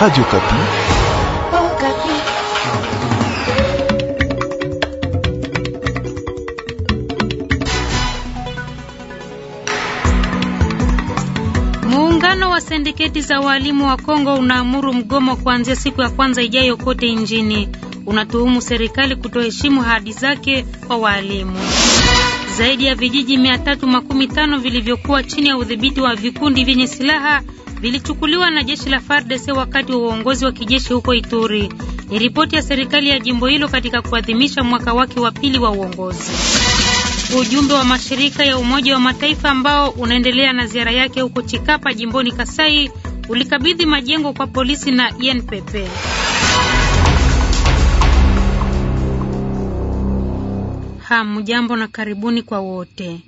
Radio Kapi. Oh, Kapi. Muungano wa sindiketi za walimu wa Kongo unaamuru mgomo kuanzia siku ya kwanza ijayo kote nchini. Unatuhumu serikali kutoheshimu ahadi zake kwa walimu. Zaidi ya vijiji 315 vilivyokuwa chini ya udhibiti wa vikundi vyenye silaha vilichukuliwa na jeshi la FARDC wakati wa uongozi wa kijeshi huko Ituri. Ni ripoti ya serikali ya jimbo hilo katika kuadhimisha mwaka wake wa pili wa uongozi. Ujumbe wa mashirika ya Umoja wa Mataifa ambao unaendelea na ziara yake huko Chikapa jimboni Kasai ulikabidhi majengo kwa polisi na INPP. Hamjambo na karibuni kwa wote.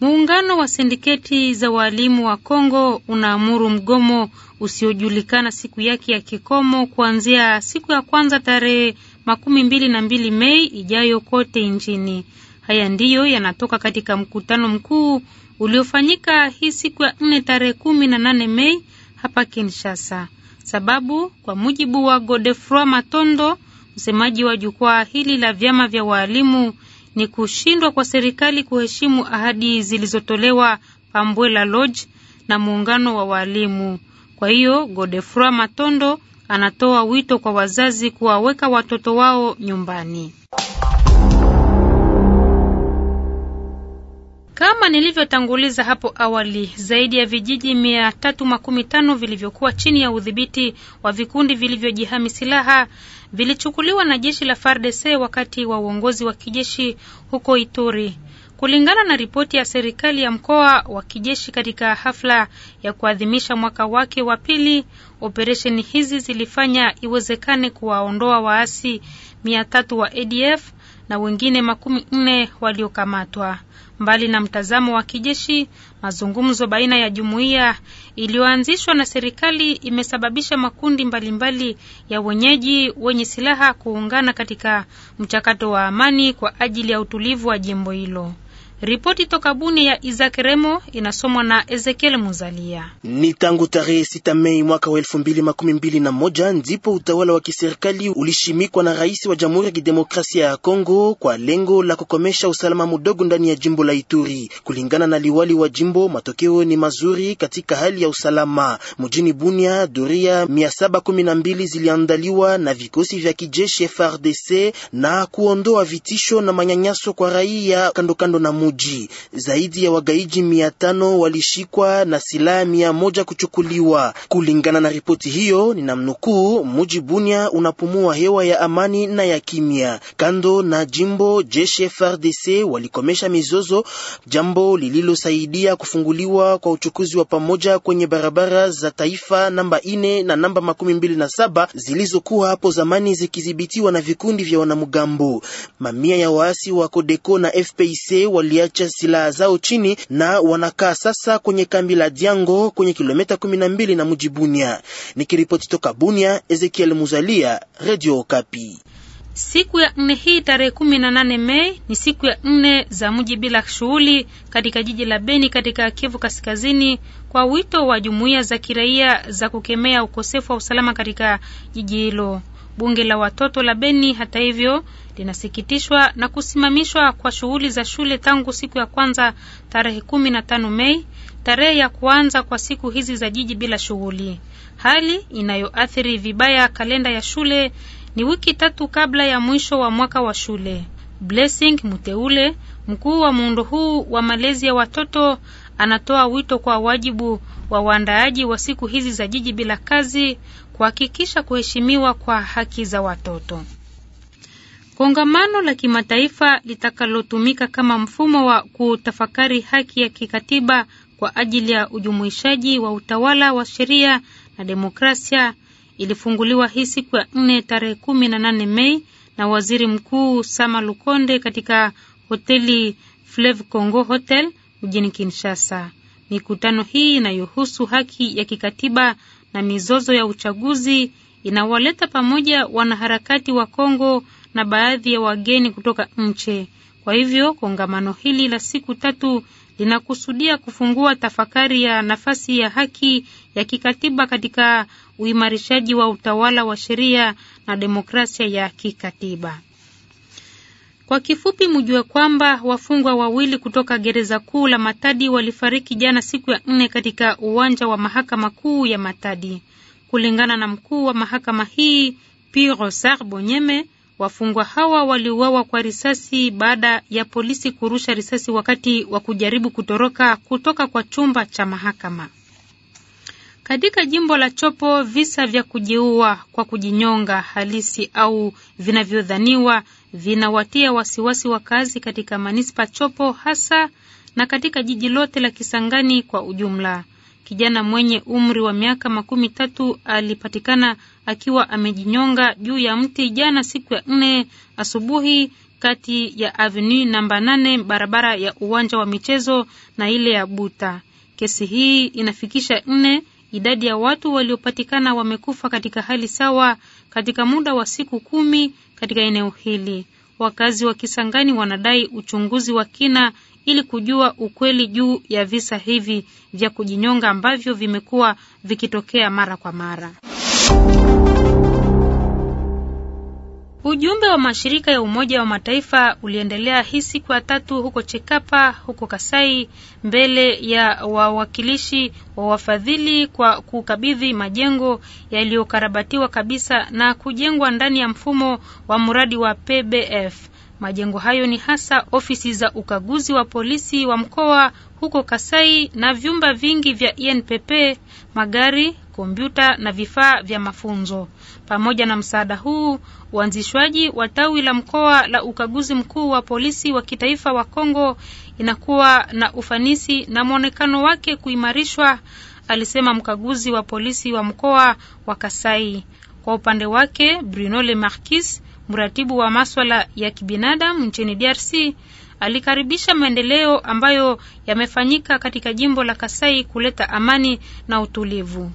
Muungano wa sindiketi za waalimu wa Kongo unaamuru mgomo usiojulikana siku yake ya kikomo kuanzia siku ya kwanza tarehe makumi mbili na mbili Mei ijayo kote nchini. Haya ndiyo yanatoka katika mkutano mkuu uliofanyika hii siku ya nne tarehe kumi na nane Mei hapa Kinshasa. Sababu kwa mujibu wa Godefroi Matondo, msemaji wa jukwaa hili la vyama vya waalimu ni kushindwa kwa serikali kuheshimu ahadi zilizotolewa Pambwela Lodge na muungano wa waalimu. Kwa hiyo Godefroi Matondo anatoa wito kwa wazazi kuwaweka watoto wao nyumbani. Kama nilivyotanguliza hapo awali, zaidi ya vijiji mia tatu makumi tano vilivyokuwa chini ya udhibiti wa vikundi vilivyojihami silaha vilichukuliwa na jeshi la FARDC wakati wa uongozi wa kijeshi huko Ituri. Kulingana na ripoti ya serikali ya mkoa wa kijeshi katika hafla ya kuadhimisha mwaka wake wa pili, operesheni hizi zilifanya iwezekane kuwaondoa waasi mia tatu wa ADF na wengine makumi nne waliokamatwa. Mbali na mtazamo wa kijeshi, Mazungumzo baina ya jumuiya iliyoanzishwa na serikali imesababisha makundi mbalimbali ya wenyeji wenye silaha kuungana katika mchakato wa amani kwa ajili ya utulivu wa jimbo hilo. Ripoti toka Buni ya Isaac Remo inasomwa na Ezekiel Muzalia. Ni tangu tarehe sita Mei mwaka wa elfu mbili makumi mbili na moja ndipo utawala wa kiserikali ulishimikwa na rais wa Jamhuri ya Kidemokrasia ya Kongo kwa lengo la kukomesha usalama mdogo ndani ya jimbo la Ituri. Kulingana na liwali wa jimbo, matokeo ni mazuri katika hali ya usalama mjini Bunia. Doria mia saba kumi na mbili ziliandaliwa na vikosi vya kijeshi FRDC na kuondoa vitisho na manyanyaso kwa raia kandokando na mji. Zaidi ya wagaiji mia tano walishikwa na silaha mia moja kuchukuliwa, kulingana na ripoti hiyo. Ninamnukuu, muji Bunia unapumua hewa ya amani na ya kimya. Kando na jimbo, jeshi FRDC walikomesha mizozo, jambo lililosaidia kufunguliwa kwa uchukuzi wa pamoja kwenye barabara za taifa namba ine na namba makumi mbili na saba zilizokuwa hapo zamani zikidhibitiwa na vikundi vya wanamgambo. Mamia ya waasi wa Kodeko na FPC wali waliacha silaha zao chini na wanakaa sasa kwenye kambi la Diango kwenye kilomita 12 na mji Bunia. Nikiripoti toka Bunia, Ezekiel Muzalia, Radio Okapi. Siku ya nne hii tarehe kumi na nane Mei ni siku ya nne za mji bila shughuli katika jiji la Beni katika Kivu Kaskazini, kwa wito wa jumuiya za kiraia za kukemea ukosefu wa usalama katika jiji hilo. Bunge la watoto la Beni, hata hivyo, linasikitishwa na kusimamishwa kwa shughuli za shule tangu siku ya kwanza tarehe kumi na tano Mei, tarehe ya kuanza kwa siku hizi za jiji bila shughuli, hali inayoathiri vibaya kalenda ya shule. Ni wiki tatu kabla ya mwisho wa mwaka wa shule. Blessing Muteule, mkuu wa muundo huu wa malezi ya watoto, anatoa wito kwa wajibu wa waandaaji wa siku hizi za jiji bila kazi kuhakikisha kuheshimiwa kwa haki za watoto. Kongamano la kimataifa litakalotumika kama mfumo wa kutafakari haki ya kikatiba kwa ajili ya ujumuishaji wa utawala wa sheria na demokrasia ilifunguliwa hii siku ya nne tarehe kumi na nane Mei na waziri mkuu Sama Lukonde katika hoteli Fleve Congo Hotel mjini Kinshasa. Mikutano hii inayohusu haki ya kikatiba na mizozo ya uchaguzi inawaleta pamoja wanaharakati wa Kongo na baadhi ya wageni kutoka nje. Kwa hivyo kongamano hili la siku tatu linakusudia kufungua tafakari ya nafasi ya haki ya kikatiba katika uimarishaji wa utawala wa sheria na demokrasia ya kikatiba. Kwa kifupi, mjue kwamba wafungwa wawili kutoka gereza kuu la Matadi walifariki jana siku ya nne katika uwanja wa mahakama kuu ya Matadi. Kulingana na mkuu wa mahakama hii Pierre Rosar Bonyeme, wafungwa hawa waliuawa kwa risasi baada ya polisi kurusha risasi wakati wa kujaribu kutoroka kutoka kwa chumba cha mahakama. Katika jimbo la Chopo visa vya kujiua kwa kujinyonga halisi au vinavyodhaniwa vinawatia wasiwasi wakazi katika manispa Chopo hasa na katika jiji lote la Kisangani kwa ujumla. Kijana mwenye umri wa miaka makumi tatu alipatikana akiwa amejinyonga juu ya mti jana siku ya nne asubuhi kati ya avenue namba nane barabara ya uwanja wa michezo na ile ya Buta. Kesi hii inafikisha nne idadi ya watu waliopatikana wamekufa katika hali sawa katika muda wa siku kumi katika eneo hili. Wakazi wa Kisangani wanadai uchunguzi wa kina ili kujua ukweli juu ya visa hivi vya kujinyonga ambavyo vimekuwa vikitokea mara kwa mara. Ujumbe wa mashirika ya Umoja wa Mataifa uliendelea hii siku ya tatu huko Chekapa huko Kasai mbele ya wawakilishi wa wafadhili kwa kukabidhi majengo yaliyokarabatiwa kabisa na kujengwa ndani ya mfumo wa mradi wa PBF. Majengo hayo ni hasa ofisi za ukaguzi wa polisi wa mkoa huko Kasai na vyumba vingi vya INPP, e magari, kompyuta na vifaa vya mafunzo. Pamoja na msaada huu, uanzishwaji wa tawi la mkoa la ukaguzi mkuu wa polisi wa kitaifa wa Kongo inakuwa na ufanisi na mwonekano wake kuimarishwa, alisema mkaguzi wa polisi wa mkoa wa Kasai. Kwa upande wake, Bruno Le Marquis mratibu wa maswala ya kibinadamu nchini DRC alikaribisha maendeleo ambayo yamefanyika katika jimbo la Kasai kuleta amani na utulivu.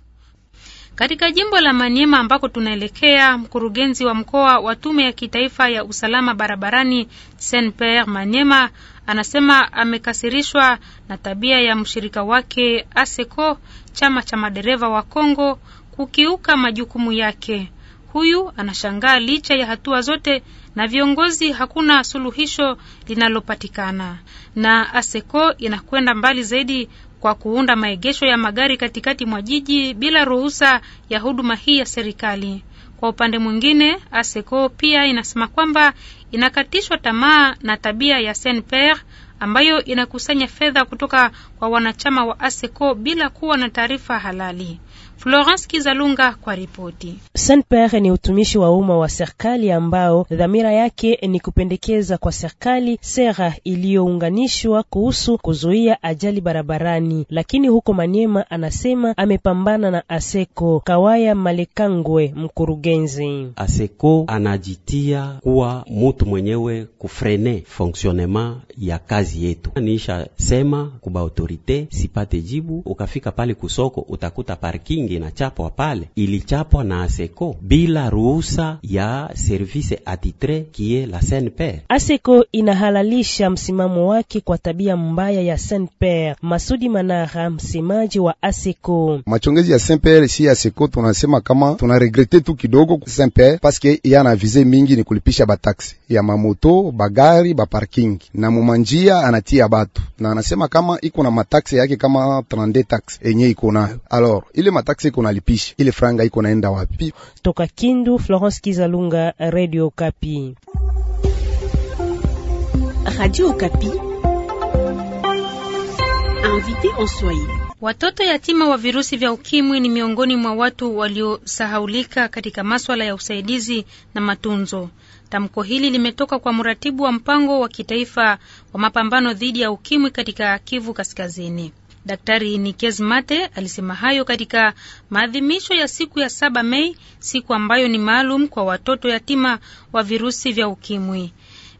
Katika jimbo la Maniema ambako tunaelekea, mkurugenzi wa mkoa wa tume ya kitaifa ya usalama barabarani Saint Pierre Maniema anasema amekasirishwa na tabia ya mshirika wake ASECO, chama cha madereva wa Kongo, kukiuka majukumu yake. Huyu anashangaa licha ya hatua zote na viongozi, hakuna suluhisho linalopatikana, na ASECO inakwenda mbali zaidi kwa kuunda maegesho ya magari katikati mwa jiji bila ruhusa ya huduma hii ya serikali. Kwa upande mwingine, ASECO pia inasema kwamba inakatishwa tamaa na tabia ya Saint-Pierre ambayo inakusanya fedha kutoka kwa wanachama wa ASECO bila kuwa na taarifa halali. Florence Kizalunga kwa ripoti. Pierre ni utumishi wa umma wa serikali ambao dhamira yake ni kupendekeza kwa serikali sera iliyounganishwa kuhusu kuzuia ajali barabarani, lakini huko Maniema anasema amepambana na Aseko. Kawaya Malekangwe, mkurugenzi Aseko, anajitia kuwa mutu mwenyewe kufrene fonksionema ya kazi yetu. Niisha sema kuba autorite sipate jibu, ukafika pale kusoko utakuta parking inachapwa pale ilichapwa na ASECO bila ruhusa ya service atitre kie la pere ASECO inahalalisha msimamo wake kwa tabia mbaya ya pere Masudi Manara, msemaji wa ASECO: machongezi ya s-pere si ASECO, tunasema kama tunaregrete tu kidogo Senper paske yana vize mingi ni kulipisha bataksi ya mamoto, bagari, parking na mumanjia anatia batu na anasema kama iko na mataxi yake kama 32 taksi enye iko nayo alors ile mataxi siko nalipisha ile franga iko naenda wapi? Toka Kindu, Florence Kizalunga, Radio Kapi. Radio Kapi. Invité en soi. Watoto yatima wa virusi vya ukimwi ni miongoni mwa watu waliosahaulika katika maswala ya usaidizi na matunzo. Tamko hili limetoka kwa mratibu wa mpango wa kitaifa wa mapambano dhidi ya ukimwi katika Kivu Kaskazini. Daktari Nikes Mate alisema hayo katika maadhimisho ya siku ya saba Mei, siku ambayo ni maalum kwa watoto yatima wa virusi vya ukimwi.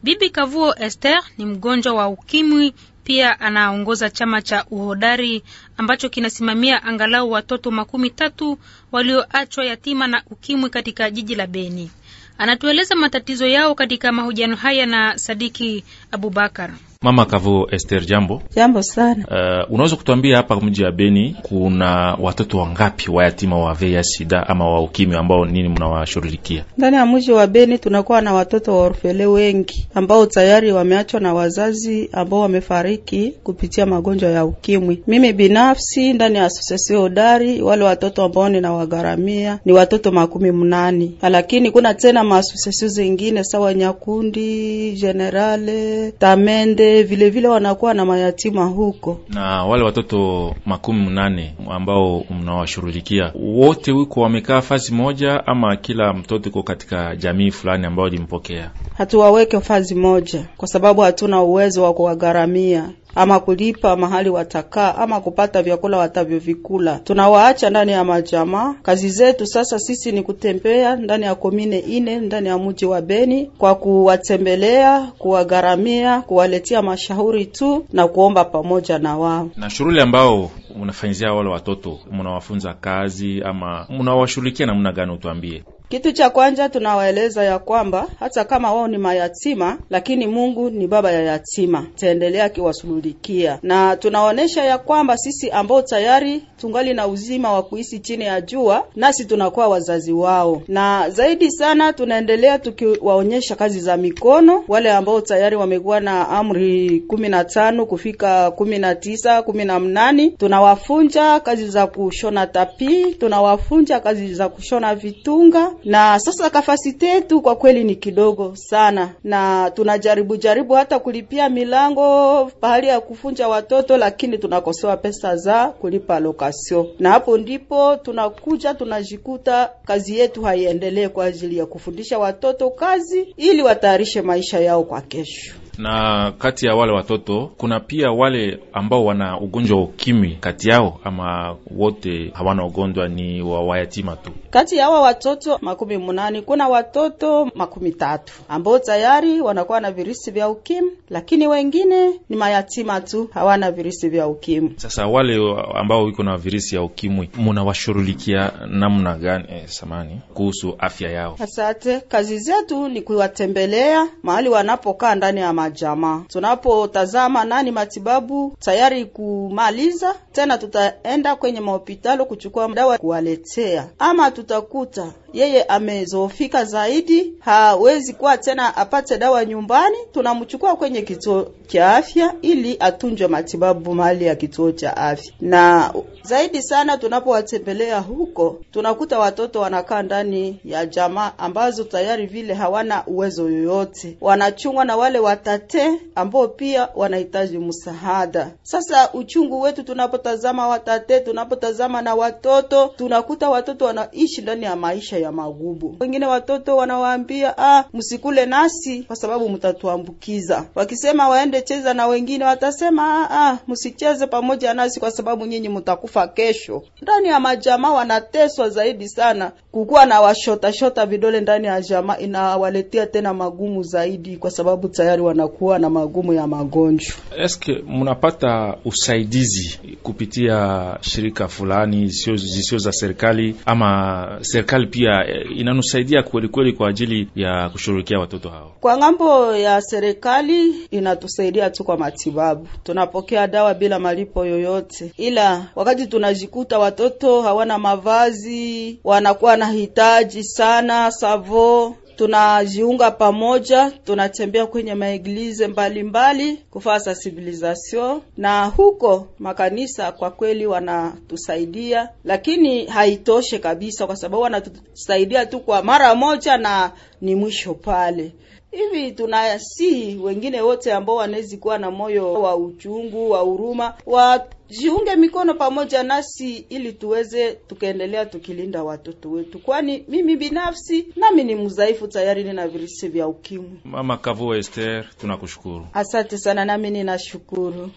Bibi Kavuo Esther ni mgonjwa wa ukimwi, pia anaongoza chama cha uhodari ambacho kinasimamia angalau watoto makumi tatu walioachwa yatima na ukimwi katika jiji la Beni. Anatueleza matatizo yao katika mahojiano haya na Sadiki Abubakar. Mama Kavu Esther, jambo. Jambo sana. Uh, unaweza kutuambia hapa mji wa Beni kuna watoto wangapi wayatima wa VIH sida ama wa ukimwi ambao nini mnawashughulikia? Ndani ya mji wa Beni tunakuwa na watoto wa orfele wengi ambao tayari wameachwa na wazazi ambao wamefariki kupitia magonjwa ya ukimwi. Mimi binafsi ndani ya asosiasio hodari wale watoto ambao ninawagharamia ni watoto makumi mnani, lakini kuna tena maasosiasio zingine sawa Nyakundi, Generale, Tamende vilevile vile wanakuwa na mayatima huko. Na wale watoto makumi mnane ambao mnawashughulikia wote wiko wamekaa fazi moja, ama kila mtoto iko katika jamii fulani ambayo ilimpokea? Hatuwaweke fazi moja kwa sababu hatuna uwezo wa kuwagharamia ama kulipa mahali watakaa ama kupata vyakula watavyovikula. Tunawaacha ndani ya majamaa. Kazi zetu sasa sisi ni kutembea ndani ya komine ine ndani ya mji wa Beni kwa kuwatembelea, kuwagharamia, kuwaletea mashauri tu na kuomba pamoja na wao. Na shughuli ambao unafanyizia wale watoto, mnawafunza kazi ama mnawashughulikia namna gani? Utuambie. Kitu cha kwanza tunawaeleza ya kwamba hata kama wao ni mayatima, lakini Mungu ni baba ya yatima, taendelea akiwasululikia, na tunaonesha ya kwamba sisi ambao tayari tungali na uzima wa kuishi chini ya jua, nasi tunakuwa wazazi wao, na zaidi sana tunaendelea tukiwaonyesha kazi za mikono, wale ambao tayari wamekuwa na amri kumi na tano kufika kumi na tisa kumi na mnane tunawafunja kazi za kushona tapi, tunawafunja kazi za kushona vitunga na sasa kafasite yetu kwa kweli ni kidogo sana, na tunajaribu jaribu hata kulipia milango pahali ya kufunja watoto, lakini tunakosewa pesa za kulipa lokasio, na hapo ndipo tunakuja tunajikuta kazi yetu haiendelee kwa ajili ya kufundisha watoto kazi ili watayarishe maisha yao kwa kesho na kati ya wale watoto kuna pia wale ambao wana ugonjwa wa ukimwi, kati yao ama wote hawana ugonjwa, ni wa wayatima tu. Kati ya hawa watoto makumi munani kuna watoto makumi tatu ambao tayari wanakuwa na virusi vya ukimwi, lakini wengine ni mayatima tu, hawana virusi vya ukimwi. Sasa wale ambao wiko na virusi ya ukimwi munawashughulikia namna gani? Eh, samani kuhusu afya yao. Asante, kazi zetu ni kuwatembelea mahali wanapokaa ndani ya jamaa Tunapotazama nani matibabu tayari kumaliza, tena tutaenda kwenye mahopitalo kuchukua dawa kuwaletea, ama tutakuta yeye amezofika zaidi, hawezi kuwa tena apate dawa nyumbani, tunamchukua kwenye kituo cha afya ili atunjwe matibabu mahali ya kituo cha afya. Na zaidi sana tunapowatembelea huko, tunakuta watoto wanakaa ndani ya jamaa ambazo tayari vile hawana uwezo yoyote, wanachungwa na wale wata watate ambao pia wanahitaji msaada. Sasa uchungu wetu, tunapotazama watate, tunapotazama na watoto, tunakuta watoto wanaishi ndani ya maisha ya magubu. Wengine watoto wanawaambia ah, msikule nasi kwa sababu mtatuambukiza. Wakisema waende cheza na wengine, watasema ah, ah, msicheze pamoja nasi kwa sababu nyinyi mtakufa kesho. Ndani ya majamaa wanateswa zaidi sana, kukuwa na washotashota vidole ndani ya jamaa inawaletea tena magumu zaidi, kwa sababu tayari wana wanakuwa na magumu ya magonjwa. Eske munapata usaidizi kupitia shirika fulani zisio za serikali ama serikali pia inanusaidia kweli kweli kwa ajili ya kushughulikia watoto hao? Kwa ngambo ya serikali inatusaidia tu kwa matibabu, tunapokea dawa bila malipo yoyote, ila wakati tunajikuta watoto hawana mavazi, wanakuwa na hitaji sana savo tunajiunga pamoja, tunatembea kwenye maeglize mbalimbali kufaa sensibilisation, na huko makanisa kwa kweli wanatusaidia, lakini haitoshe kabisa, kwa sababu wanatusaidia tu kwa mara moja na ni mwisho pale hivi. Tunasihi wengine wote ambao wanawezi kuwa na moyo wa uchungu wa huruma wajiunge mikono pamoja nasi, ili tuweze tukaendelea tukilinda watoto wetu, kwani mimi binafsi nami ni mdhaifu tayari, nina virusi vya ukimwi. Mama Kavu Esther, tunakushukuru, asante sana, nami ninashukuru.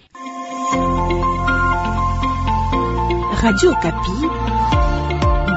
Radio Kapi,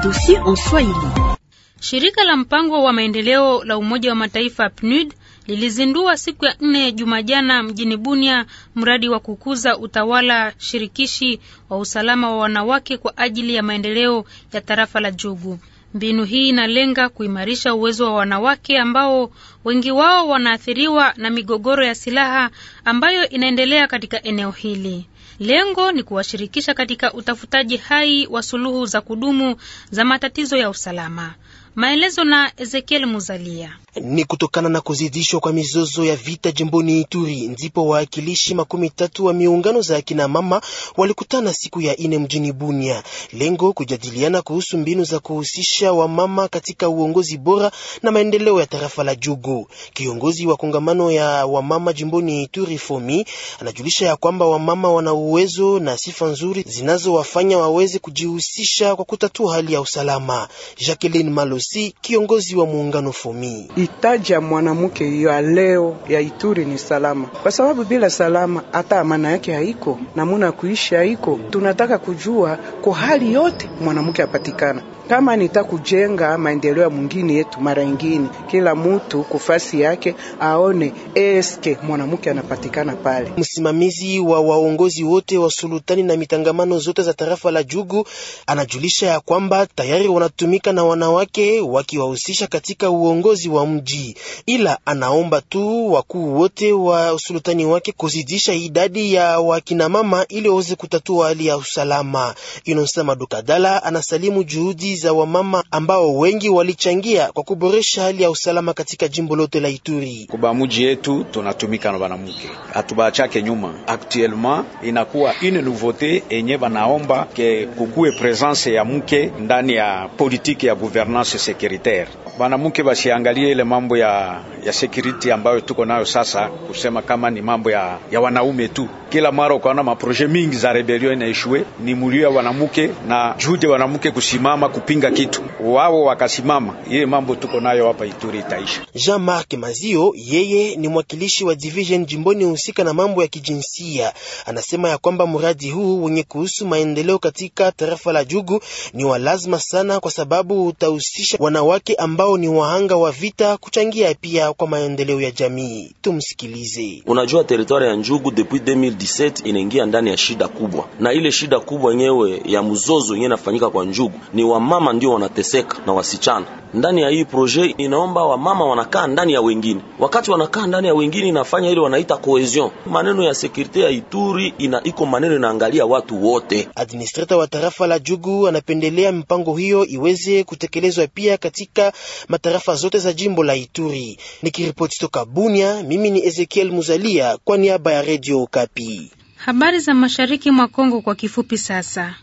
dossier en Swahili. Shirika la mpango wa maendeleo la Umoja wa Mataifa PNUD lilizindua siku ya nne Jumajana mjini Bunia mradi wa kukuza utawala shirikishi wa usalama wa wanawake kwa ajili ya maendeleo ya tarafa la Jugu. Mbinu hii inalenga kuimarisha uwezo wa wanawake ambao wengi wao wanaathiriwa na migogoro ya silaha ambayo inaendelea katika eneo hili. Lengo ni kuwashirikisha katika utafutaji hai wa suluhu za kudumu za matatizo ya usalama. Maelezo na Ezekiel Muzalia. Ni kutokana na kuzidishwa kwa mizozo ya vita jimboni Ituri ndipo waakilishi makumi tatu wa miungano za akina mama walikutana siku ya ine mjini Bunia, lengo kujadiliana kuhusu mbinu za kuhusisha wamama katika uongozi bora na maendeleo ya tarafa la Jugu. Kiongozi wa kongamano ya wamama jimboni Ituri Fomi anajulisha ya kwamba wamama wana uwezo na sifa nzuri zinazowafanya waweze kujihusisha kwa kutatua hali ya usalama. Jacqueline Malosi, kiongozi wa muungano Fomi itaja ya mwanamke ya leo ya Ituri ni salama, kwa sababu bila salama hata amana yake haiko na muna kuishi haiko. Tunataka kujua kwa hali yote mwanamke apatikana kama nita kujenga maendeleo ya mwingine yetu. Mara ingine kila mtu kufasi yake aone eske mwanamke anapatikana pale. Msimamizi wa waongozi wote wa sultani na mitangamano zote za tarafa la Jugu anajulisha ya kwamba tayari wanatumika na wanawake wakiwahusisha katika uongozi wa mji, ila anaomba tu wakuu wote wa usultani wake kuzidisha idadi ya wakinamama ili waweze kutatua hali ya usalama. Inonsa Madukadala anasalimu juhudi za wamama ambao wengi walichangia kwa kuboresha hali ya usalama katika jimbo lote la Ituri. Kuba mji yetu tunatumika na banamuke, hatubachake nyuma. Actuellement inakuwa une nouveauté enye banaomba ke kukue presence ya mke ndani ya politike ya gouvernance securitaire, wanamke basiangalie ile mambo ya, ya security ambayo tuko nayo sasa, kusema kama ni mambo ya, ya wanaume tu. Kila mara ukaona maproje mingi za rebelio inaishue ni mulio ya wanamuke na juhudi ya wanamuke kusimama kupinga kitu, wao wakasimama, ile mambo tuko nayo hapa Ituri itaisha. Jean Marc Mazio yeye ni mwakilishi wa division jimboni husika na mambo ya kijinsia, anasema ya kwamba mradi huu wenye kuhusu maendeleo katika tarafa la Jugu ni wa lazima sana, kwa sababu utahusisha wanawake ambao ni wahanga wa vita kuchangia pia kwa maendeleo ya jamii. Tumsikilize. Unajua, teritwari ya Njugu depuis 2017 inaingia ndani ya shida kubwa, na ile shida kubwa yenyewe ya mzozo yenyewe inafanyika kwa Njugu ni wamama ndio wanateseka na wasichana ndani ya hii proje inaomba wamama wanakaa ndani ya wengine. Wakati wanakaa ndani ya wengine, inafanya ile wanaita cohesion. Maneno ya sekurite ya Ituri ina iko maneno inaangalia watu wote. Administrator wa tarafa la Jugu anapendelea mipango hiyo iweze kutekelezwa pia katika matarafa zote za jimbo jimbo la Ituri. Nikiripoti toka Bunia, mimi ni Ezekiel Muzalia kwa niaba ya redio Kapi. Habari za mashariki mwa Kongo kwa kifupi sasa.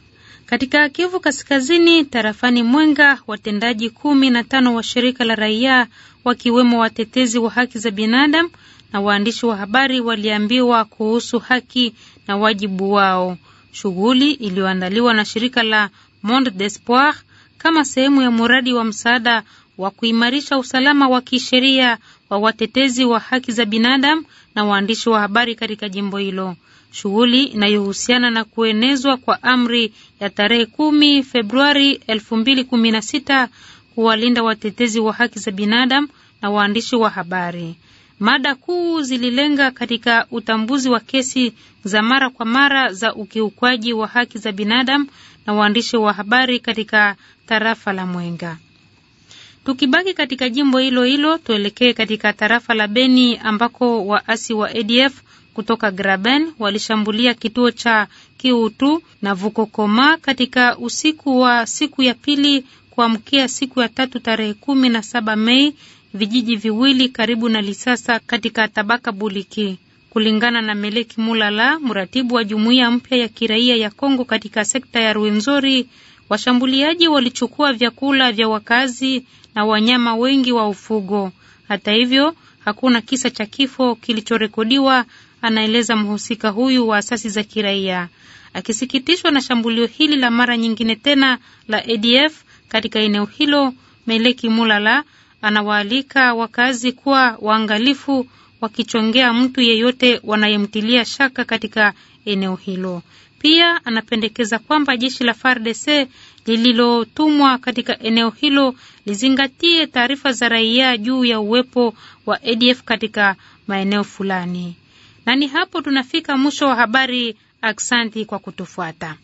Katika Kivu Kaskazini, tarafani Mwenga, watendaji kumi na tano wa shirika la raia wakiwemo watetezi wa haki za binadamu na waandishi wa habari waliambiwa kuhusu haki na wajibu wao. Shughuli iliyoandaliwa na shirika la Monde d'Espoir kama sehemu ya mradi wa msaada wa kuimarisha usalama wa kisheria wa watetezi wa haki za binadamu na waandishi wa habari katika jimbo hilo. Shughuli inayohusiana na kuenezwa kwa amri ya tarehe kumi Februari elfu mbili kumi na sita kuwalinda watetezi wa haki za binadamu na waandishi wa habari. Mada kuu zililenga katika utambuzi wa kesi za mara kwa mara za ukiukwaji wa haki za binadamu na waandishi wa habari katika tarafa la Mwenga. Tukibaki katika jimbo hilo hilo, tuelekee katika tarafa la Beni ambako waasi wa ADF kutoka Graben walishambulia kituo cha Kiutu na Vukokoma katika usiku wa siku ya pili kuamkia siku ya tatu tarehe kumi na saba Mei, vijiji viwili karibu na Lisasa katika tabaka Buliki. Kulingana na Meleki Mulala, mratibu wa jumuiya mpya ya kiraia ya Kongo katika sekta ya Ruenzori, washambuliaji walichukua vyakula vya wakazi na wanyama wengi wa ufugo. Hata hivyo, hakuna kisa cha kifo kilichorekodiwa, anaeleza mhusika huyu wa asasi za kiraia, akisikitishwa na shambulio hili la mara nyingine tena la ADF katika eneo hilo. Meleki Mulala anawaalika wakazi kuwa waangalifu wakichongea mtu yeyote wanayemtilia shaka katika eneo hilo. Pia anapendekeza kwamba jeshi la FARDC lililotumwa katika eneo hilo lizingatie taarifa za raia juu ya uwepo wa ADF katika maeneo fulani. Na ni hapo tunafika mwisho wa habari. Aksanti kwa kutufuata.